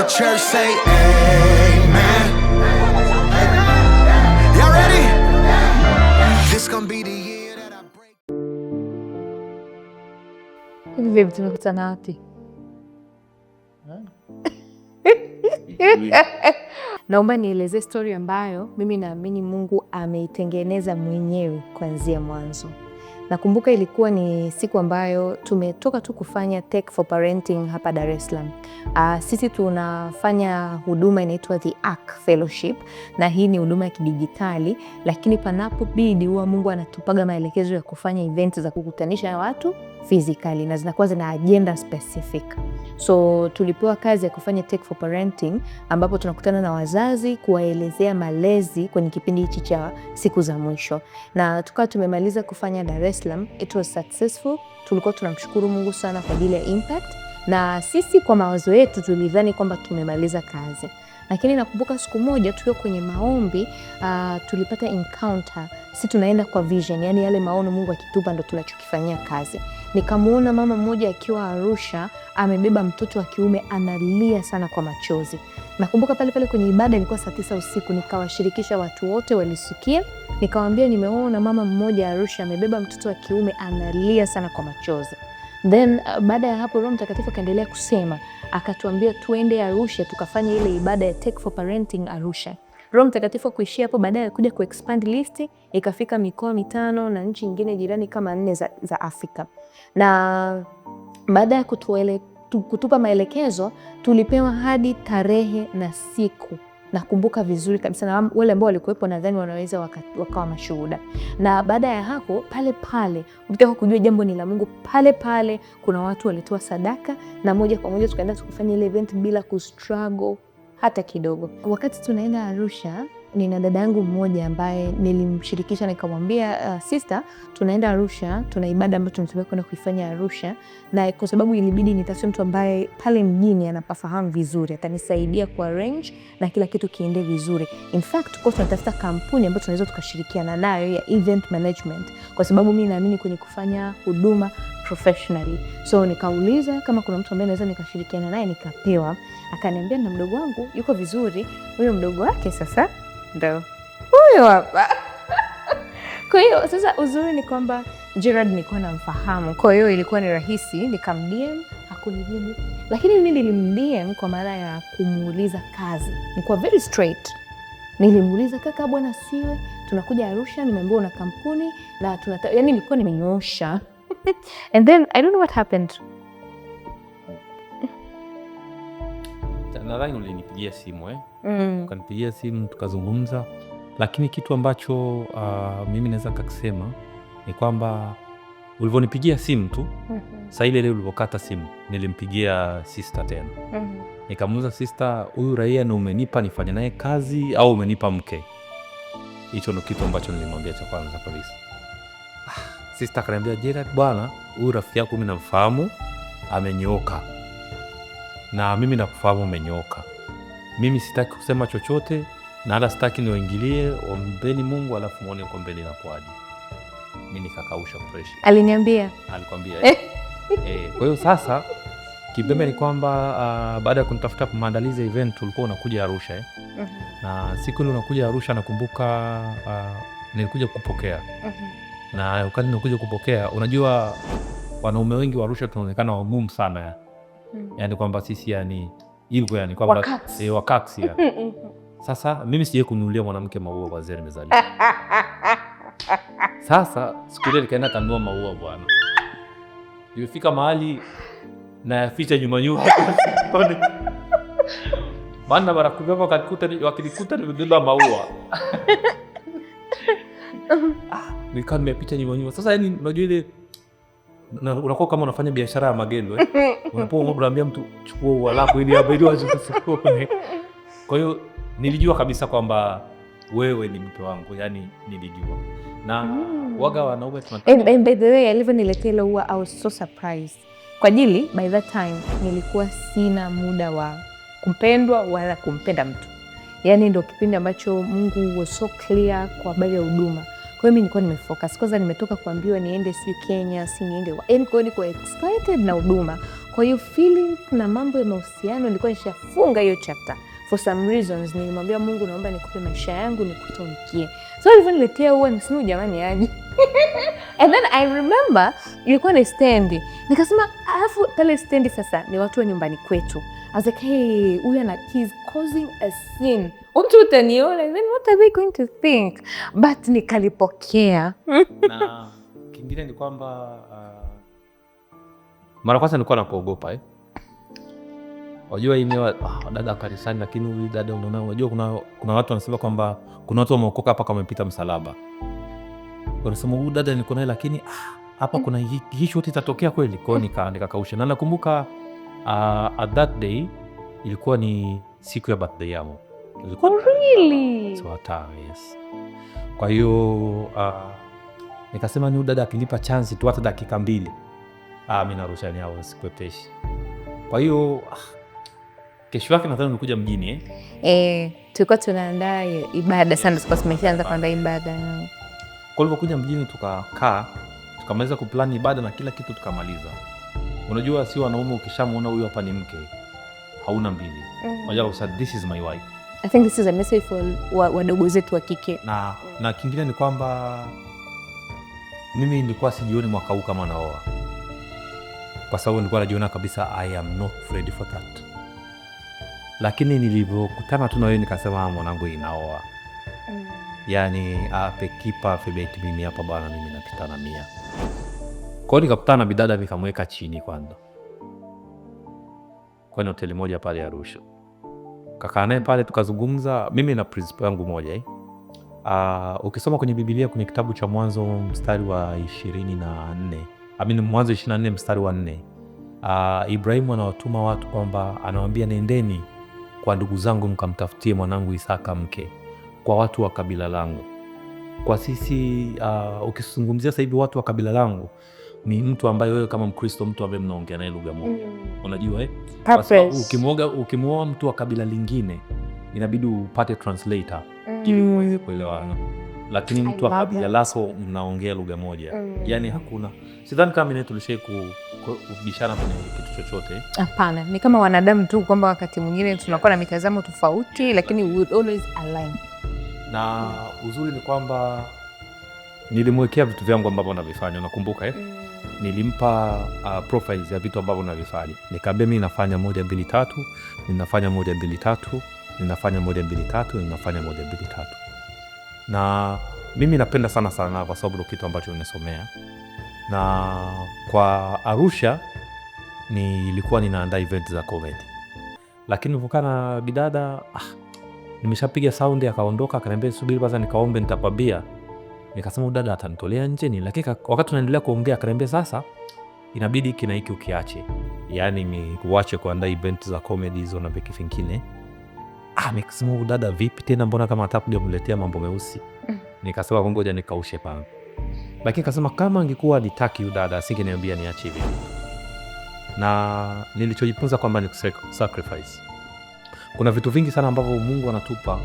the church say amen. Y'all ready? This gonna be the year that I break. Hivi vipi tumekutana wapi? Naomba nieleze stori ambayo mimi naamini Mungu ameitengeneza mwenyewe kuanzia mwanzo. Nakumbuka ilikuwa ni siku ambayo tumetoka tu kufanya Tech for Parenting hapa Dar es Salaam. Uh, sisi tunafanya huduma inaitwa The Ark Fellowship na hii ni huduma ya kidijitali, lakini panapobidi huwa Mungu anatupaga maelekezo ya kufanya event za kukutanisha watu physically na zinakuwa zina agenda specific. So tulipewa kazi ya kufanya tech for parenting, ambapo tunakutana na wazazi kuwaelezea malezi kwenye kipindi hichi cha siku za mwisho, na tukawa tumemaliza kufanya Dar es Salaam. It was successful. Tulikuwa tunamshukuru Mungu sana kwa ajili ya impact, na sisi kwa mawazo yetu tulidhani kwamba tumemaliza kazi, lakini nakumbuka siku moja tukiwa kwenye maombi uh, tulipata encounter. Si tunaenda kwa vision, yani yale maono Mungu akitupa ndo tunachokifanyia kazi Nikamwona mama mmoja akiwa Arusha amebeba mtoto wa kiume analia sana kwa machozi. Nakumbuka pale pale kwenye ibada ilikuwa saa tisa usiku, nikawashirikisha watu wote walisikia, nikawaambia nimeona mama mmoja Arusha amebeba mtoto wa kiume analia sana kwa machozi. Then uh, baada ya hapo Roho Mtakatifu akaendelea kusema, akatuambia tuende Arusha tukafanya ile ibada ya Tech for Parenting Arusha. Roho Mtakatifu akuishia hapo, baadaye alikuja kuexpand listi, ikafika mikoa mitano na nchi nyingine jirani kama nne za, za Afrika na baada ya kutuele, kutupa maelekezo tulipewa hadi tarehe na siku nakumbuka vizuri kabisa na wale ambao walikuwepo nadhani wanaweza wakawa mashuhuda. Na baada ya hapo, pale pale ukitaka kujua jambo ni la Mungu, pale pale kuna watu walitoa sadaka na moja kwa moja tukaenda tukafanya ile event bila kustruggle hata kidogo. Wakati tunaenda Arusha nina dada yangu mmoja ambaye nilimshirikisha nikamwambia, uh, ah, sista, tunaenda Arusha, tuna ibada ambayo tunataka kwenda kuifanya Arusha, na kwa sababu ilibidi nitafute mtu ambaye pale mjini anapafahamu vizuri, atanisaidia ku arrange na kila kitu kiende vizuri. In fact tuko tunatafuta kampuni ambayo tunaweza tukashirikiana nayo ya event management, kwa sababu mimi naamini kwenye kufanya huduma professionally. So nikauliza kama kuna mtu ambaye naweza nikashirikiana naye, nikapewa. Akaniambia na mdogo wangu yuko vizuri. Huyo mdogo wake sasa ndo huyo hapa. Kwa hiyo sasa uzuri ni kwamba Gerald nilikuwa namfahamu, kwa hiyo ilikuwa ni rahisi nikamdm, hakunijibu, lakini mi nilimdm kwa maana ya kumuuliza kazi. nikuwa very straight, nilimuuliza kaka, bwana siwe tunakuja Arusha, nimeambiwa una kampuni na tunata... yani nilikuwa nimenyoosha and then I don't know what happened nadhani ulinipigia simu eh? Mm. Ukanipigia simu tukazungumza, lakini kitu ambacho uh, mimi naweza kakisema ni kwamba ulivyonipigia simu tu mm -hmm. Saa ile ile ulivyokata simu nilimpigia sista tena mm -hmm. Nikamuuliza sista, huyu raia ni umenipa nifanye naye kazi au umenipa mke? Hicho ndo kitu ambacho nilimwambia cha kwanza kabisa. Ah, sista akaniambia Jerad, bwana huyu rafiki yako mi namfahamu amenyooka na mimi nakufahamu umenyoka. Mimi sitaki kusema chochote na hata sitaki niwaingilie. Ombeni Mungu alafu mwone uko mbele inakuwaje. Mi nikakausha freshi, aliniambia alikwambia eh. Eh, kwa hiyo sasa kibembe ni kwamba uh, baada ya kunitafuta maandalizi ya event ulikuwa unakuja Arusha eh? uh mhm. -huh. na siku ile unakuja Arusha nakumbuka uh, nilikuja kupokea uh mhm. -huh. na wakati nilikuja kupokea, unajua wanaume wengi wa Arusha tunaonekana wagumu sana mm. yani kwamba sisi yani hivyo yani kwamba e, wakaksi eh, yani. Mm, mm, mm. Sasa mimi sijai kununulia mwanamke maua kwanzia nimezaliwa. Sasa siku ile nikaenda kanua maua bwana, imefika mahali nayaficha nyuma nyuma maana barakuaa wakilikuta nimebeba maua ah, nikaa nimepicha nyuma nyuma. Sasa yani unajua ile unakuwa kama unafanya biashara ya magendo eh? unapoamua mtu chukua ua lako ili hapa ili waje wasikuone. Kwa hiyo nilijua kabisa kwamba wewe ni mke wangu, yani nilijua na mm. waga wanaume tunataka. by the way alivyoniletea ile ua I was so surprised kwa ajili, by that time nilikuwa sina muda wa kumpendwa wala kumpenda mtu, yani ndio kipindi ambacho Mungu was so clear kwa habari ya huduma. Kwa hiyo mi nilikuwa nimefocus kwanza, nimetoka kuambiwa niende si Kenya si niende, yani kwa hiyo niko excited na huduma. Kwa hiyo feeling na mambo ya mahusiano nilikuwa nishafunga hiyo chapter for some reasons. Nilimwambia Mungu, naomba nikupe maisha yangu nikutumikie. So alivyoniletea huwa nisema jamani, aje and then I remember ilikuwa na stendi, nikasema alafu pale stendi sasa ni watu wa nyumbani kwetu. I was like hey, huyu ana causing a scene, then what are they going to think, but nikalipokea. na kingine ni kwamba uh... Mara kwanza nilikuwa nakuogopa eh. Wajua hii mewa ah, dada kanisani, lakini huyu dada unaona, unajua kuna, kuna watu wanasema kwamba kuna watu wameokoka hapa kama wamepita msalaba. Wanasema huyu dada niko naye, lakini ah, hapa ah, kuna hii shoti itatokea kweli. Kwa hiyo nika nikakausha na nakumbuka uh, at that day ilikuwa ni siku ya birthday yangu. Ilikuwa oh, really? So, hata, yes. Kwa hiyo uh, nikasema ni huyu dada akinipa chance tu hata dakika mbili mimi na Roshani hao Kwa hiyo ah, kesho yake nadhani umekuja mjini eh? Eh, tulikuwa tunaandaa ibada sana, tulikuwa tumeshaanza kuandaa ibada. Kwa hivyo kuja mjini tukakaa, tukamaliza kuplani ibada na kila kitu tukamaliza. Unajua si wanaume, ukishamuona huyu hapa ni mke, hauna mbili. Mm. this is my wife. I think this is a message for wadogo zetu wa kike. Na na kingine ni kwamba mimi nilikuwa sijioni mwaka huu kama naoa kwa sababu nilikuwa najiona kabisa I am not ready for that, lakini nilivyokutana tu na wewe nikasema ah, mwanangu, inaoa mm. Yani apekipa ah, febeti mimi hapa bwana, mimi napita na mia kwao. Nikakutana na bidada nikamweka chini kwanza kwani hoteli moja pale Arusha, kakaa naye pale tukazungumza, mimi na principal yangu moja eh? Uh, ukisoma kwenye Biblia kwenye kitabu cha Mwanzo mstari wa ishirini na nne amini Mwanzo 24 mstari wa nne. Uh, Ibrahimu anawatuma watu kwamba anawaambia nendeni kwa ndugu zangu mkamtafutie mwanangu Isaka mke kwa watu wa kabila langu. Kwa sisi uh, ukizungumzia sasa hivi watu wa kabila langu ni mtu ambaye wewe kama Mkristo, mtu ambaye mnaongea naye lugha moja mm. Unajua eh? Ukimwoga ukimwoa mtu wa kabila lingine inabidi upate translator mm. ili uweze kuelewana lakini mtu akabijalaso mnaongea lugha moja mm. Yani hakuna sidhani kama mine tulishai kubishana kwenye kitu chochote. Hapana, ni kama wanadamu tu kwamba wakati mwingine tunakuwa na mitazamo tofauti, lakini we always align. Na uzuri ni kwamba nilimwekea vitu vyangu ambavyo navifanya, unakumbuka eh? mm. Nilimpa uh, profiles ya vitu ambavyo navifanya, nikaambia mi nafanya moja mbili tatu, ninafanya moja mbili tatu, ninafanya moja mbili tatu, ninafanya moja mbili tatu na mimi napenda sana sanaa kwa sababu ndo kitu ambacho nimesomea, na kwa Arusha nilikuwa ninaandaa event za comedy, lakini nilipokaa na bidada ah, nimeshapiga saundi, akaondoka akaniambia, subiri kwanza nikaombe nitakwambia. Nikasema udada atanitolea nje ni, lakini wakati unaendelea kuongea akaniambia, sasa inabidi kina hiki ukiache, yaani ni uache kuandaa event za comedy hizo na vitu vingine ah, dada vipi tena, mbona kama kuja kumletea mambo meusi. Mm. Nikasema ngoja nikaushe panga, lakini kasema kama angekuwa dada asingeniambia niache hivi, na nilichojifunza kwamba ni sacrifice. Kuna vitu vingi sana ambavyo Mungu anatupa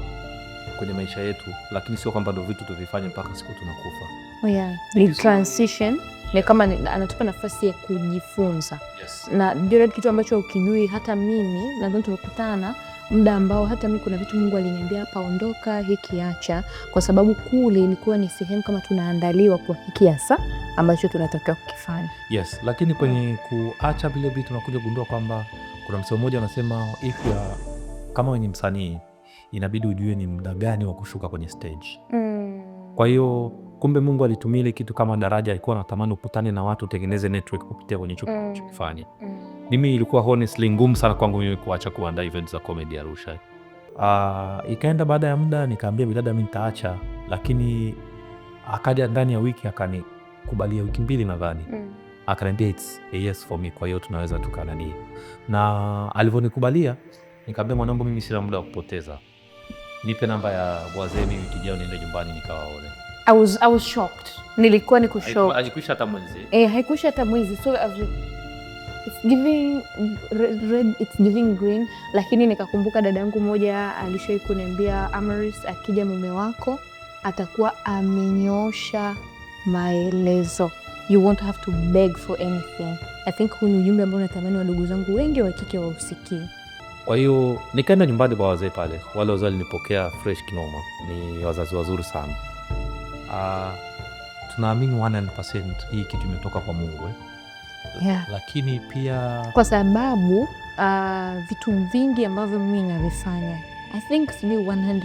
kwenye maisha yetu, lakini sio kwamba ndo vitu tuvifanye mpaka siku tunakufa. Oh yeah. Ni transition ni kama anatupa nafasi ya kujifunza. Yes. na ndio kitu ambacho ukijui, hata mimi nadhani tumekutana muda ambao hata mimi kuna vitu Mungu aliniambia hapa, ondoka hiki acha, kwa sababu kule ilikuwa ni sehemu kama tunaandaliwa kwa hiki hasa ambacho tunatakiwa kukifanya. Yes, lakini kwenye kuacha vile vitu nakuja gundua kwamba kuna msemo mmoja unasema if ya kama wenye msanii inabidi ujue ni muda gani wa kushuka kwenye stage. Mm. Kwa hiyo kumbe Mungu alitumia ile kitu kama daraja, alikuwa anatamani ukutane na watu, utengeneze network kupitia kwenye chokifanya. Mm. Mm mimi ilikuwa honestly ngumu sana kwangu mimi kuacha kuandaa event za comedy Arusha. Uh, ikaenda baada ya muda nikaambia bidada mi nitaacha, lakini akaja ndani ya wiki akanikubalia, wiki mbili nadhani mm. akaniambia it's a yes for me, kwa hiyo tunaweza tukananii, na alivyonikubalia nikaambia mwanangu, mimi sina muda wa kupoteza, nipe namba ya wazee, mimi wiki ijayo niende nyumbani nikawaone. I was, I was shocked. Nilikuwa nikushok eh, haikuisha hata mwezi, so it's giving red, it's giving green, lakini nikakumbuka dada yangu moja alishawahi kuniambia Amaris, akija mume wako atakuwa amenyosha maelezo, you won't have to beg for anything. I think huu ni ujumbe ambao natamani wadogo zangu wengi wa kike wausikie. Kwa hiyo nikaenda nyumbani kwa wazee pale, wale wazee walinipokea fresh kinoma, ni wazazi wazuri sana. Uh, tunaamini 100% hii kitu imetoka kwa Mungu eh? yeah. Lakini pia kwa sababu uh, vitu vingi ambavyo mimi navifanya I think sijui 100%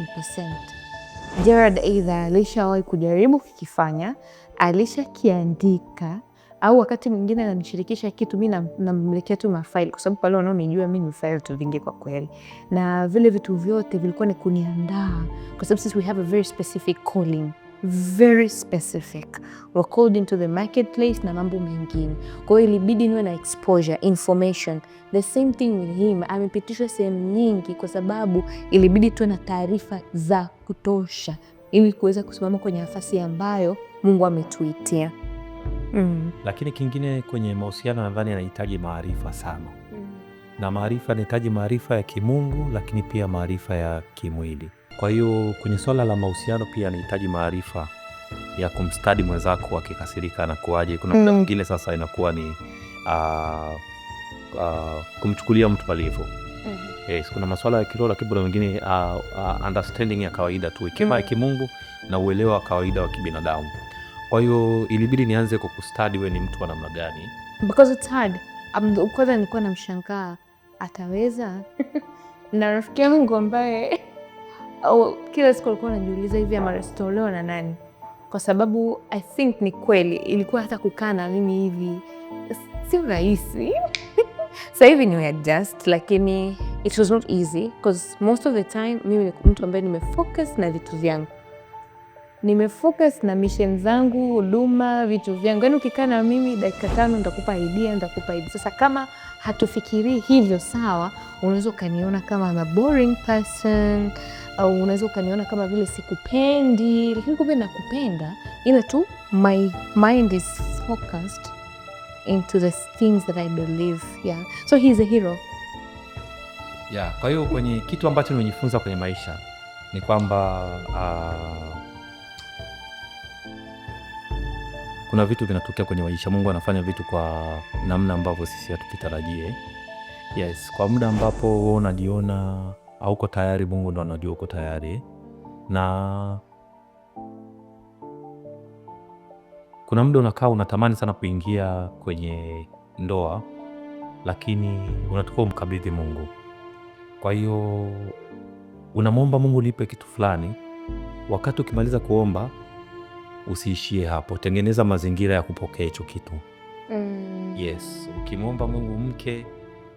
Gerald eidha alishawahi kujaribu kukifanya, alishakiandika au wakati mwingine ananishirikisha kitu, mi namlekea tu mafaili, kwa sababu pale wanaonijua mi nimefanya vitu vingi kwa kweli, na vile vitu vyote vilikuwa ni kuniandaa, kwa sababu sisi we have a very specific calling very specific, recalled into the marketplace na mambo mengine. Kwa hiyo ilibidi niwe na exposure information. The same thing with him, amepitishwa sehemu nyingi, kwa sababu ilibidi tuwe na taarifa za kutosha ili kuweza kusimama kwenye nafasi ambayo Mungu ametuitia. Mm. Lakini kingine kwenye mahusiano nadhani yanahitaji maarifa sana. Mm. Na maarifa anahitaji maarifa ya kimungu, lakini pia maarifa ya kimwili kwa hiyo kwenye swala la mahusiano pia anahitaji maarifa ya kumstadi mwenzako akikasirika anakuwaje. Kuna muda mm. mwingine sasa inakuwa ni uh, uh, kumchukulia mtu alivyo. mm -hmm. Yes, eh, kuna maswala ya kiroho lakini kuna mengine uh, ah, uh, understanding ya kawaida tu hekima mm -hmm. kimungu na uelewa wa kawaida wa kibinadamu. Kwa hiyo ilibidi nianze kukustadi we ni mtu wa namna gani, because it's hard. Kwanza nilikuwa namshangaa ataweza na rafiki yangu ambaye au kila siku alikuwa anajiuliza hivi amarestoleo na nani, kwa sababu I think ni kweli ilikuwa hata kukaa na mimi hivi sio rahisi. Sasa hivi ni adjust, lakini it was not easy because most of the time mimi ni mtu ambaye nimefocus na vitu vyangu, nimefocus na mission zangu, huduma, vitu vyangu. Yani ukikaa na mimi dakika tano ntakupa idea, ntakupa idea. Sasa kama hatufikirii hivyo sawa, unaweza ukaniona kama I'm a boring person au unaweza ukaniona kama vile sikupendi, lakini kumbe nakupenda, ila tu my mind is focused into the things that I believe. Yeah. So he is a hero. Yeah, kwa hiyo kwenye kitu ambacho nimejifunza kwenye maisha ni kwamba uh, kuna vitu vinatokea kwenye maisha. Mungu anafanya vitu kwa namna ambavyo sisi hatukitarajie. Yes, kwa muda ambapo wewe unajiona hauko tayari, Mungu ndo anajua uko tayari. Na kuna muda unakaa unatamani sana kuingia kwenye ndoa, lakini unatakiwa umkabidhi Mungu. Kwa hiyo unamwomba Mungu lipe kitu fulani. Wakati ukimaliza kuomba, usiishie hapo, tengeneza mazingira ya kupokea hicho kitu. Mm. Yes, ukimwomba Mungu mke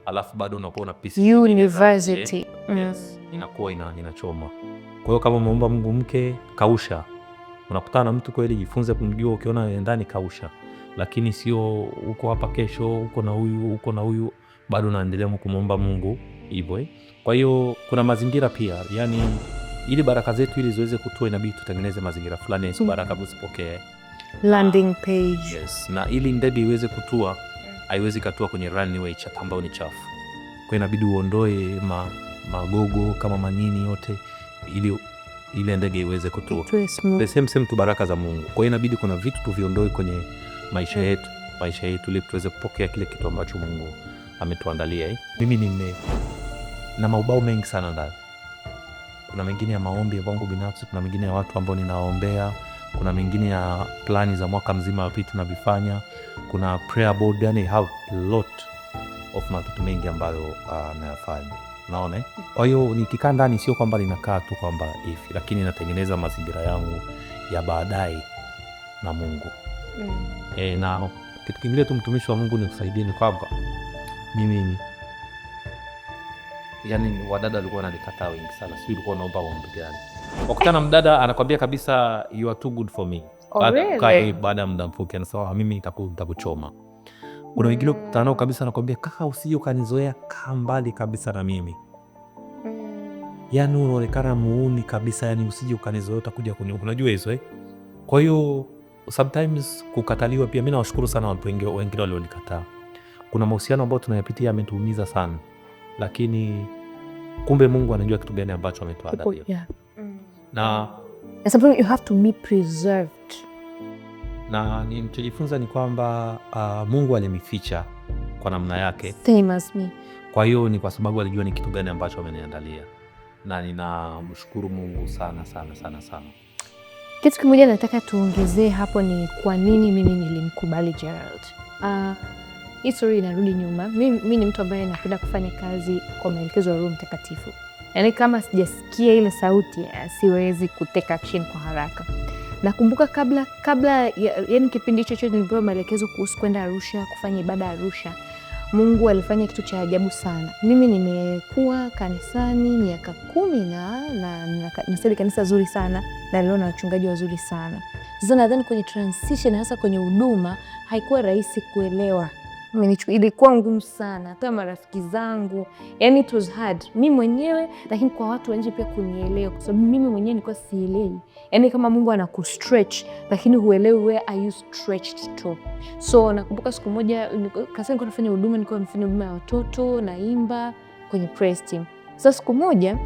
alafu bado unakuwa na university eh yes. Inakuwa ina, inachoma. Kwa hiyo kama umeomba Mungu mke, kausha. Unakutana na mtu kweli, jifunze kumjua. Ukiona ndani, kausha, lakini sio uko hapa kesho, uko na huyu, uko na huyu, bado unaendelea kumwomba Mungu hivyo eh. Kwa hiyo kuna mazingira pia, yani ili baraka zetu ili ziweze kutua, inabidi tutengeneze mazingira fulani, hizo mm-hmm. baraka tuzipokee. Landing page. Yes. Na ili ndege iweze kutua haiwezi katua kwenye runway ambayo ni chafu, kwa inabidi uondoe ma magogo kama manini yote, ili ile ndege iweze kutua the same same tu baraka za Mungu. Kwa hiyo inabidi kuna vitu tuviondoe kwenye maisha mm. yetu maisha yetu ili tuweze kupokea kile kitu ambacho Mungu ametuandalia eh. Mimi nime na maubao mengi sana ndani. Kuna mengine ya maombi ya binafsi, kuna mengine ya watu ambao ninaombea, kuna mengine ya plani za mwaka mzima pili tunavifanya, kuna prayer board, yani have a lot of mengi ambayo anayafanya ah, uh, naona eh? Kwa hiyo nikikaa ndani sio kwamba ninakaa tu kwamba hivi, lakini natengeneza mazingira yangu ya baadaye na Mungu mm. E, na kitu kingine tu mtumishi wa Mungu nikusaidie ni kwamba mimi yani, wadada walikuwa wananikataa wengi sana, sijui ulikuwa unaomba ombi gani? Wakutana mdada anakwambia kabisa you are too good for me, oh, baada ya muda mfupi anasema ah, mimi nitakuchoma kuna wengine ukutana nao kabisa, nakwambia kaka, usije ukanizoea, kaa mbali kabisa na mimi. Mm. Yani unaonekana muuni kabisa, yani usije ukanizoea, utakuja kuni, unajua hizo eh. Kwa hiyo sometimes kukataliwa pia, mi nawashukuru sana watu wengine walionikataa. Kuna mahusiano ambayo tunayapitia ametuumiza sana, lakini kumbe Mungu anajua kitu gani ambacho ametuandalia na mm na nilichojifunza ni kwamba uh, Mungu alinificha kwa namna yake. Same as me. Kwa hiyo ni kwa sababu alijua ni kitu gani ambacho ameniandalia, na ninamshukuru Mungu sana sana sana sana. Kitu kimoja nataka tuongezee hapo ni kwa nini mimi nilimkubali Gerald. Uh, ah, histori inarudi nyuma. mi ni mtu ambaye napenda kufanya kazi kwa maelekezo ya Roho Mtakatifu, yaani kama sijasikia ile sauti siwezi kuteka action kwa haraka Nakumbuka kabla kabla yani kipindi hicho chote nilipewa maelekezo kuhusu kwenda Arusha kufanya ibada Arusha, Mungu alifanya kitu cha ajabu sana. Mimi nimekuwa kanisani miaka kumi na nasali kanisa zuri sana na leo na wachungaji wazuri sana. Sasa nadhani kwenye transition hasa kwenye huduma haikuwa rahisi kuelewa ilikuwa ngumu sana, hata marafiki zangu, yani it was hard mi mwenyewe, lakini kwa watu wanje pia kunielewa, kwa sababu mimi mwenyewe nilikuwa sielewi. Yani kama Mungu stretch lakini huelewi where are you stretched to. So nakumbuka siku moja kasa nikuwa nafanya huduma, nikuwa nafanya huduma ya watoto, naimba kwenye press team. Sasa so, siku moja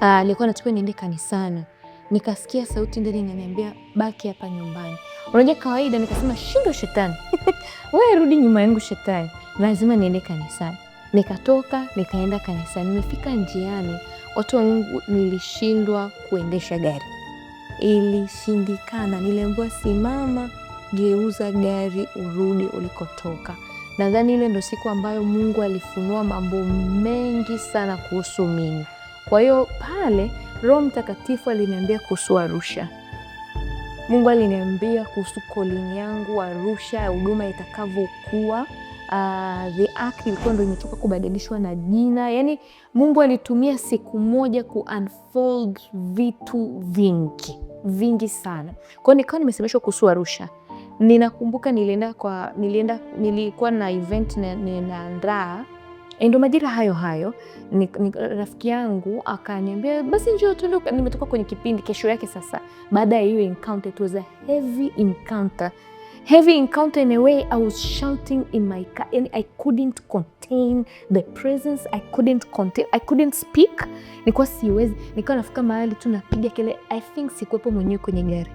alikuwa ah, uh, natakiwa niende kanisani, nikasikia sauti ndani inaniambia baki hapa nyumbani. Unajua kawaida, nikasema shindo shetani wewe rudi nyuma yangu shetani. Lazima niende kanisani. Nikatoka nikaenda kanisani, nimefika njiani, watu wangu, nilishindwa kuendesha gari, ilishindikana. Niliambiwa simama, geuza gari urudi ulikotoka. Nadhani ile ndo siku ambayo Mungu alifunua mambo mengi sana kuhusu mimi. Kwa hiyo pale Roho Mtakatifu aliniambia kuhusu Arusha. Mungu aliniambia kuhusu kolini yangu Arusha ya huduma itakavyokuwa. Uh, the act ilikuwa ndo imetoka kubadilishwa na jina. Yani Mungu alitumia siku moja ku unfold vitu vingi vingi sana. Kwa hiyo nikawa nimesemeshwa kuhusu Arusha. Ninakumbuka nilienda kwa nilienda nilikuwa na event ninaandaa Eh, Ndo majira hayo hayo ni, ni, rafiki yangu akaniambia basi njoo tuende. Nimetoka kwenye kipindi, kesho yake sasa, baada ya hiyo encounter, it was a heavy encounter, heavy encounter in a way I was shouting in my car and I couldn't contain the presence, I couldn't contain, I couldn't speak, siwezi, nikawa nafika mahali tu napiga kile I think sikuwepo mwenyewe kwenye gari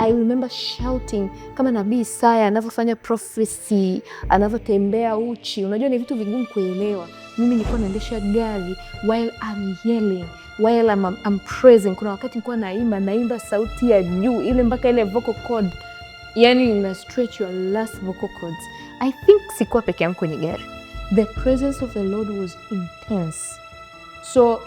I remember shouting kama nabii Isaya anavyofanya prophecy, anavyotembea uchi. Unajua ni vitu vigumu kuelewa. Mimi nilikuwa naendesha gari while I'm yelling, while I'm, I'm praising. Kuna wakati nilikuwa naimba, naimba sauti ya juu ile mpaka ile vocal cord, yani ina stretch your last vocal cords. I think sikuwa peke yangu kwenye gari. The presence of the Lord was intense so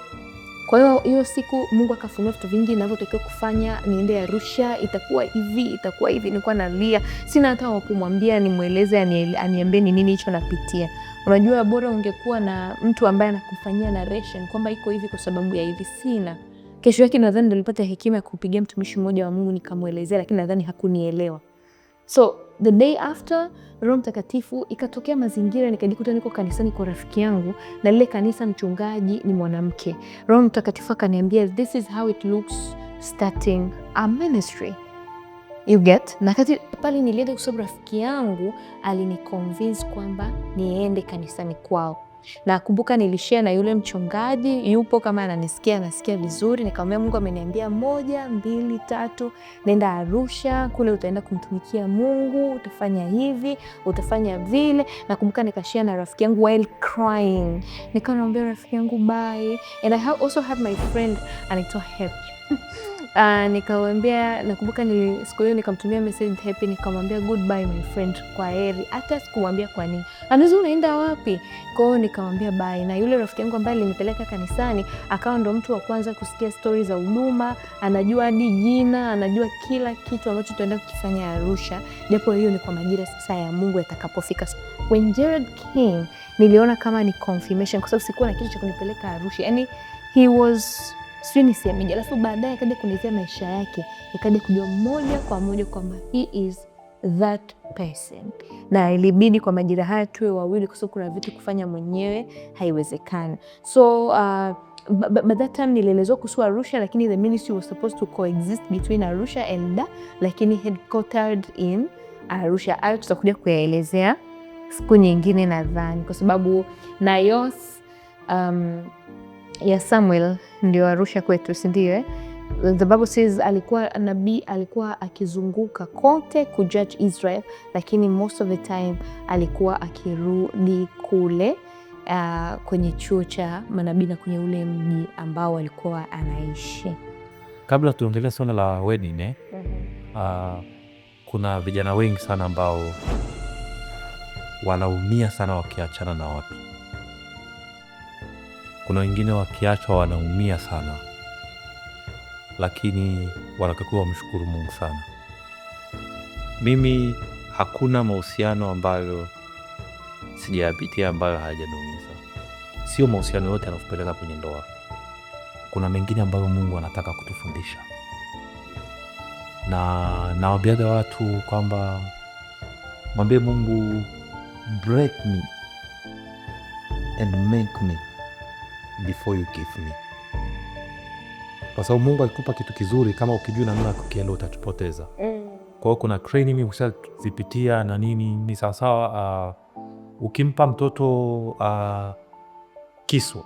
kwa hiyo hiyo siku Mungu akafunua vitu vingi ninavyotakiwa kufanya, niende Arusha, itakuwa hivi, itakuwa hivi. Nilikuwa nalia, sina hata wakumwambia, nimweleze, aniambie ni nini hicho napitia. Unajua, bora ungekuwa na mtu ambaye anakufanyia narration kwamba iko hivi kwa sababu ya hivi. Sina. Kesho yake nadhani nilipata hekima ya kupigia mtumishi mmoja wa Mungu nikamwelezea, lakini nadhani hakunielewa so the day after Roho Mtakatifu ikatokea mazingira, nikajikuta niko kanisani kwa rafiki yangu, na lile kanisa mchungaji ni mwanamke. Roho Mtakatifu akaniambia this is how it looks starting a ministry you get. Na kati pale nilienda, kwa sababu rafiki yangu alinikonvince kwamba niende kanisani kwao. Nakumbuka nilishia na yule mchungaji, yupo kama ananisikia, anasikia vizuri. Nikamwambia Mungu ameniambia moja, mbili, tatu, nenda Arusha kule, utaenda kumtumikia Mungu, utafanya hivi, utafanya vile. Nakumbuka nikashia na rafiki yangu while crying, nikamwambia naambia rafiki yangu bye, and I also have my friend anaitwa Happy Uh, nikamwambia nakumbuka ni, siku hiyo nikamtumia message happy, nikamwambia goodbye my friend, kwa heri. Hata sikumwambia kwa nini, anuzu unaenda wapi? Kwa hiyo nikamwambia bye, na yule rafiki yangu ambaye alinipeleka kanisani akawa ndo mtu wa kwanza kusikia stori za huduma, anajua hadi jina, anajua kila kitu ambacho tuenda kukifanya Arusha, japo hiyo ni kwa majira sasa ya Mungu yatakapofika. When Jared came niliona kama ni confirmation, kwa sababu sikuwa na kitu cha kunipeleka Arusha, yani he was sijui nisiamini, alafu baadaye akaja kunizia maisha yake, ikaja kujua moja kwa moja kwamba he is that person, na ilibidi kwa majira haya tuwe wawili, kwa sababu kuna vitu kufanya mwenyewe haiwezekani. So uh, by that time nilielezwa kuhusu Arusha, lakini the ministry was supposed to coexist between Arusha and Da, lakini headquartered in Arusha. Hayo tutakuja kuyaelezea siku nyingine nadhani, kwa sababu Nayos um, ya Samuel ndio Arusha kwetu, si ndio? Eh? The Bible says alikuwa nabii, alikuwa akizunguka kote kujudge Israel, lakini most of the time alikuwa akirudi kule uh, kwenye chuo cha manabii na kwenye ule mji ambao alikuwa anaishi. Kabla tuongelea swala la wedding eh? uh, kuna vijana wengi sana ambao wanaumia sana wakiachana na watu kuna wengine wakiachwa wanaumia sana, lakini wanatakiwa wamshukuru Mungu sana. Mimi hakuna mahusiano ambayo sijayapitia ambayo hayajanumiza. Sio mahusiano yote yanakupeleka kwenye ndoa. Kuna mengine ambayo Mungu anataka kutufundisha, na nawambiaga watu kwamba mwambie Mungu break me and make me before you give me, kwa sababu Mungu akikupa kitu kizuri kama ukijua namna ya kukienda utakipoteza. mm. Kwa hiyo kuna training mimi ushazipitia na nini, ni sawasawa. Uh, ukimpa mtoto uh, kiswa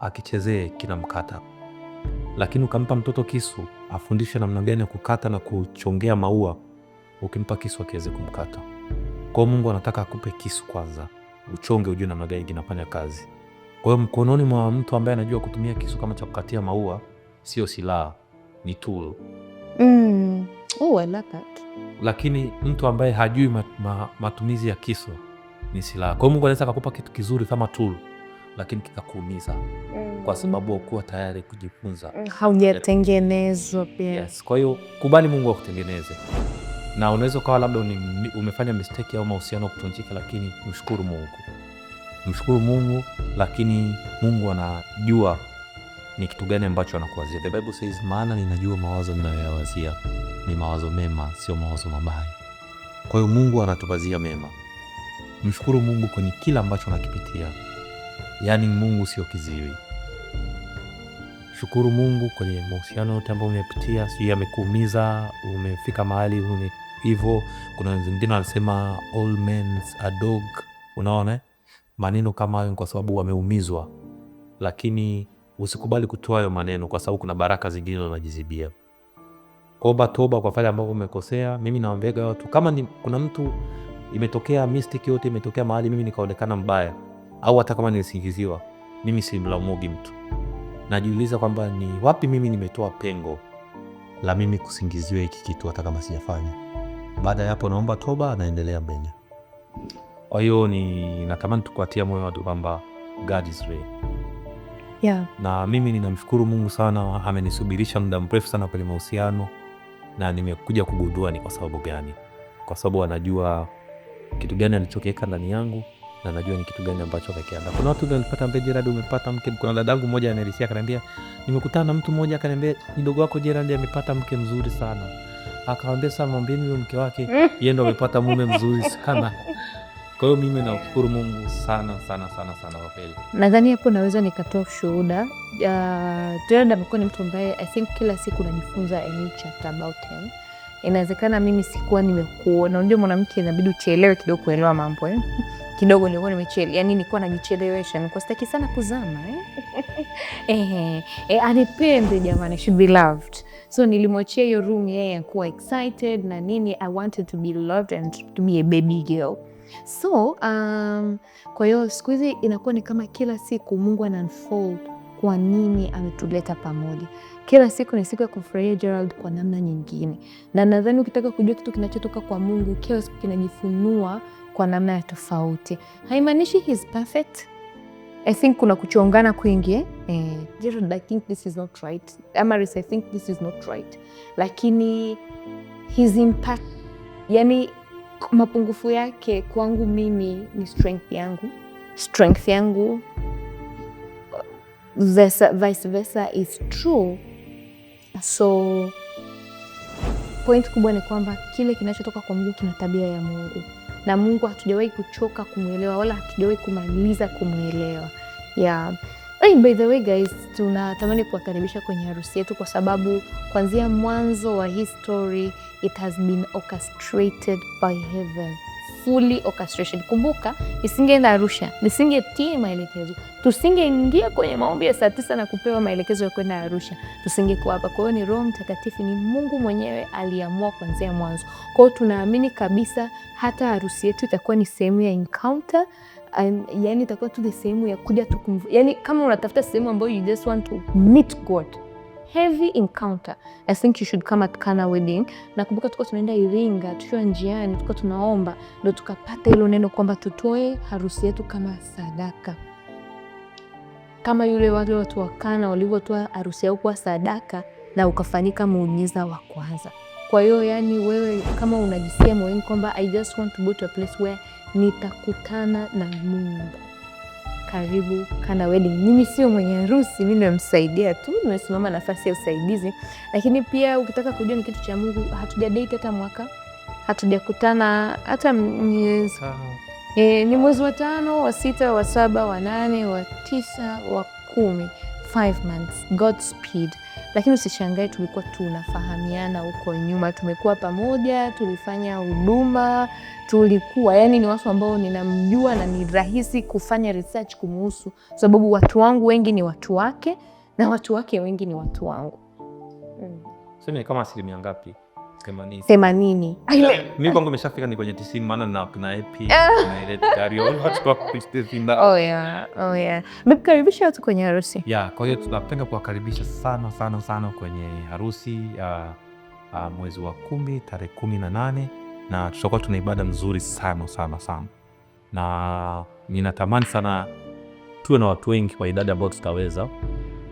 akichezee kinamkata, lakini ukampa mtoto kisu afundishe namna gani ya kukata na kuchongea maua, ukimpa kisu akiweze kumkata. Kwa Mungu anataka akupe kisu kwanza, uchonge, ujue namna gani kinafanya kazi. Kwa hiyo mkononi mwa mtu ambaye anajua kutumia kisu kama cha kukatia maua, sio silaha, ni tool mm. Oh, I like that. Lakini mtu ambaye hajui mat, ma, matumizi ya kisu ni silaha. Kwa hiyo Mungu anaweza akakupa kitu kizuri kama tool, lakini kikakuumiza mm. kwa sababu haukuwa tayari kujifunza, mm, haujatengenezwa pia. Yes. Kwa hiyo kubali Mungu akutengeneze, na unaweza ukawa labda umefanya mistake au mahusiano kutunjika, lakini mshukuru Mungu mshukuru Mungu, lakini Mungu anajua ni kitu gani ambacho anakuwazia. The Bible says, maana ninajua mawazo ninayoyawazia ni mawazo mema, sio mawazo mabaya. Kwa hiyo Mungu anatupazia mema. Mshukuru Mungu kwenye kila ambacho unakipitia, yaani Mungu sio kiziwi. Shukuru Mungu kwenye mahusiano yote ambayo umepitia, sijui amekuumiza, umefika mahali hivyo. Kuna wengine wanasema all men are dog, unaona eh? maneno kama hayo kwa sababu wameumizwa, lakini usikubali kutoa hayo maneno kwa sababu kuna baraka zingine unajizibia. Omba toba kwa pale ambapo umekosea. Mimi nawaambiaga watu kama ni, kuna mtu imetokea mistake yote imetokea mahali mimi nikaonekana mbaya au hata kama nilisingiziwa, mimi simlaumugi mtu. Najiuliza kwamba ni wapi mimi nimetoa pengo la mimi kusingiziwa hiki kitu hata kama sijafanya. Baada ya hapo, naomba toba, anaendelea mbele. Kwa hiyo ni ninatamani tukuatia moyo watu kwamba God is real. Yeah. Na mimi ninamshukuru Mungu sana, amenisubirisha muda mrefu sana kwenye mahusiano na nimekuja kugundua ni kwa sababu gani, kwa sababu anajua kitu gani alichokiweka ndani yangu na najua ni kitu gani ambacho kakianda. Kuna watu walipata mbe, Gerald umepata mke. Kuna dadangu mmoja anaelisia akaniambia, nimekutana na mtu mmoja akaniambia mdogo wako Gerald amepata mke mzuri sana, akawambia sasa mwambieni huyo mke wake mm. yeye ndo amepata mume mzuri sana Kwa hiyo mimi nashukuru Mungu sana sana sana sana kwa kweli. Nadhani hapo naweza nikatoa ushuhuda. Uh, Gerald amekuwa ni mtu ambaye I think kila siku najifunza a new chapter about him. Inawezekana mimi sikuwa nimekuona. Unajua mwanamke inabidi uchelewe kidogo kuelewa mambo eh? Kidogo nilikuwa nimechelewa, yani nilikuwa najichelewesha, nilikuwa sitaki sana kuzama eh? Eh, anipende jamani, should be loved. So nilimwachia hiyo room yeye, yeah, akuwa excited na nini. I wanted to be loved and to be a baby girl So um, kwa hiyo siku hizi inakuwa ni kama kila siku Mungu ana unfold kwa nini ametuleta pamoja. Kila siku ni siku ya kumfurahia Gerald kwa namna nyingine, na nadhani ukitaka kujua kitu kinachotoka kwa Mungu kila siku kinajifunua kwa namna ya tofauti. Haimaanishi he's perfect. I think kuna kuchongana kwingi eh? Gerald, I think this is not right. Amaris, I think this is not right, lakini impact yani mapungufu yake kwangu mimi ni strength yangu, strength yangu uh, versa, vice versa is true. So point kubwa ni kwamba kile kinachotoka kwa Mungu kina tabia ya Mungu, na Mungu hatujawahi kuchoka kumwelewa wala hatujawahi kumaliza kumwelewa, yeah. Hey, by the way guys, tunatamani kuwakaribisha kwenye harusi yetu kwa sababu kuanzia mwanzo wa hii story it has been orchestrated by heaven. Fully orchestrated. Kumbuka, isingeenda Arusha, nisingetii maelekezo, tusingeingia kwenye maombi ya saa tisa na kupewa maelekezo ya kwenda Arusha, tusingekuwa hapa. Kwa hiyo ni Roho Mtakatifu, ni Mungu mwenyewe aliamua kuanzia mwanzo. Kwa hiyo tunaamini kabisa hata harusi yetu itakuwa ni sehemu ya encounter yani itakuwa tu the sehemu ya kuja tu kumvu, yani kama unatafuta sehemu ambayo you just want to meet God heavy encounter I think you should come at Kana Wedding. Nakumbuka tuko tunaenda Iringa, tukiwa njiani tuko tunaomba, ndo tukapata hilo neno kwamba tutoe harusi yetu kama sadaka, kama yule wale watu wa Kana walivyotoa harusi yao kuwa sadaka na ukafanyika muujiza wa kwanza. Kwa hiyo yani, wewe kama unajisikia moyoni kwamba I just want to go to a place where nitakutana na Mungu, karibu Kana Wedding. Mimi sio mwenye harusi, mimi nimemsaidia tu, nimesimama nafasi ya usaidizi. Lakini pia ukitaka kujua ni kitu cha Mungu, date hata mwaka, hatujakutana hata miezi e, ni mwezi wa tano, wa sita, wa saba, wa nane, wa tisa, wa kumi, five months. Godspeed lakini usishangae, tulikuwa tunafahamiana huko nyuma, tumekuwa pamoja, tulifanya huduma, tulikuwa yani ni watu ambao ninamjua na ni rahisi kufanya research kumuhusu, sababu watu wangu wengi ni watu wake na watu wake wengi ni watu wangu. Hmm. Sasa ni kama asilimia ngapi? themanini. Mi kwangu imeshafika ni kwenye tisini, maana na kuna ah. oh, oh, watu kwenye harusi? Yeah, kwa hiyo tunapenda kuwakaribisha sana sana sana kwenye harusi uh, uh, mwezi wa kumi tarehe kumi na nane na tutakuwa tuna ibada mzuri sana sana sana, na ninatamani sana tuwe na watu wengi kwa idadi ambayo tutaweza,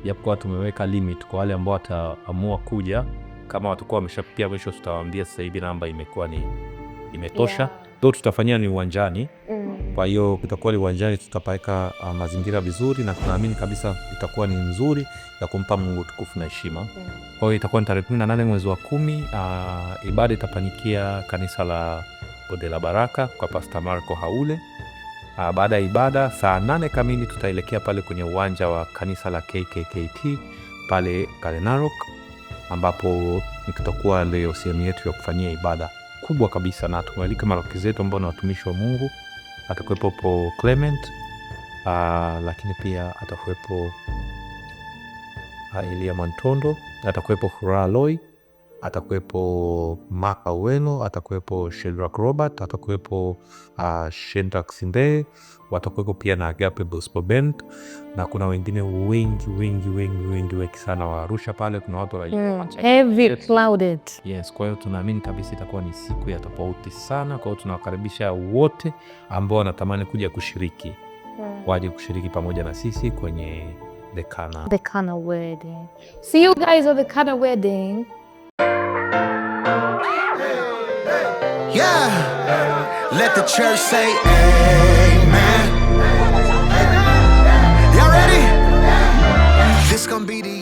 japokuwa tumeweka limit kwa wale ambao wataamua kuja kama watakuwa wameshapia mwisho, tutawaambia sasa hivi namba imekuwa ni imetosha yeah. Though tutafanyia ni uwanjani mm. Kwa hiyo kutakuwa ni uwanjani, tutapaweka uh, mazingira vizuri, na tunaamini kabisa itakuwa ni nzuri ya kumpa Mungu tukufu na heshima mm. Kwa hiyo itakuwa ni tarehe kumi na nane mwezi wa kumi. Uh, ibada itafanyikia kanisa la Bonde la Baraka kwa Pasta Marco Haule. Uh, baada ya ibada saa nane kamili tutaelekea pale kwenye uwanja wa kanisa la KKKT pale Kalenarok ambapo nikitakuwa leo sehemu yetu ya kufanyia ibada kubwa kabisa, na tumealika marafiki zetu ambao ni watumishi wa Mungu. Atakuwepo po Clement uh, lakini pia atakuwepo uh, Elia Mantondo, atakuwepo Furaha Loi atakuwepo Maka Ueno, atakuwepo Sheldrak Robert, atakuwepo uh, ah, Shendrak Sindee, watakuwepo pia na Agape Gospel Band na kuna wengine wengi wengi wengi wengi wengi sana wa Arusha pale, kuna watu mm, heavy Yes, kwa hiyo tunaamini kabisa itakuwa ni siku ya tofauti sana. Kwa hiyo tunawakaribisha wote ambao wanatamani kuja kushiriki mm, waje kushiriki pamoja na sisi kwenye the Kana the Kana wedding. See you guys at the Kana wedding. Yeah. Let the church say amen. Y'all ready? This gonna be the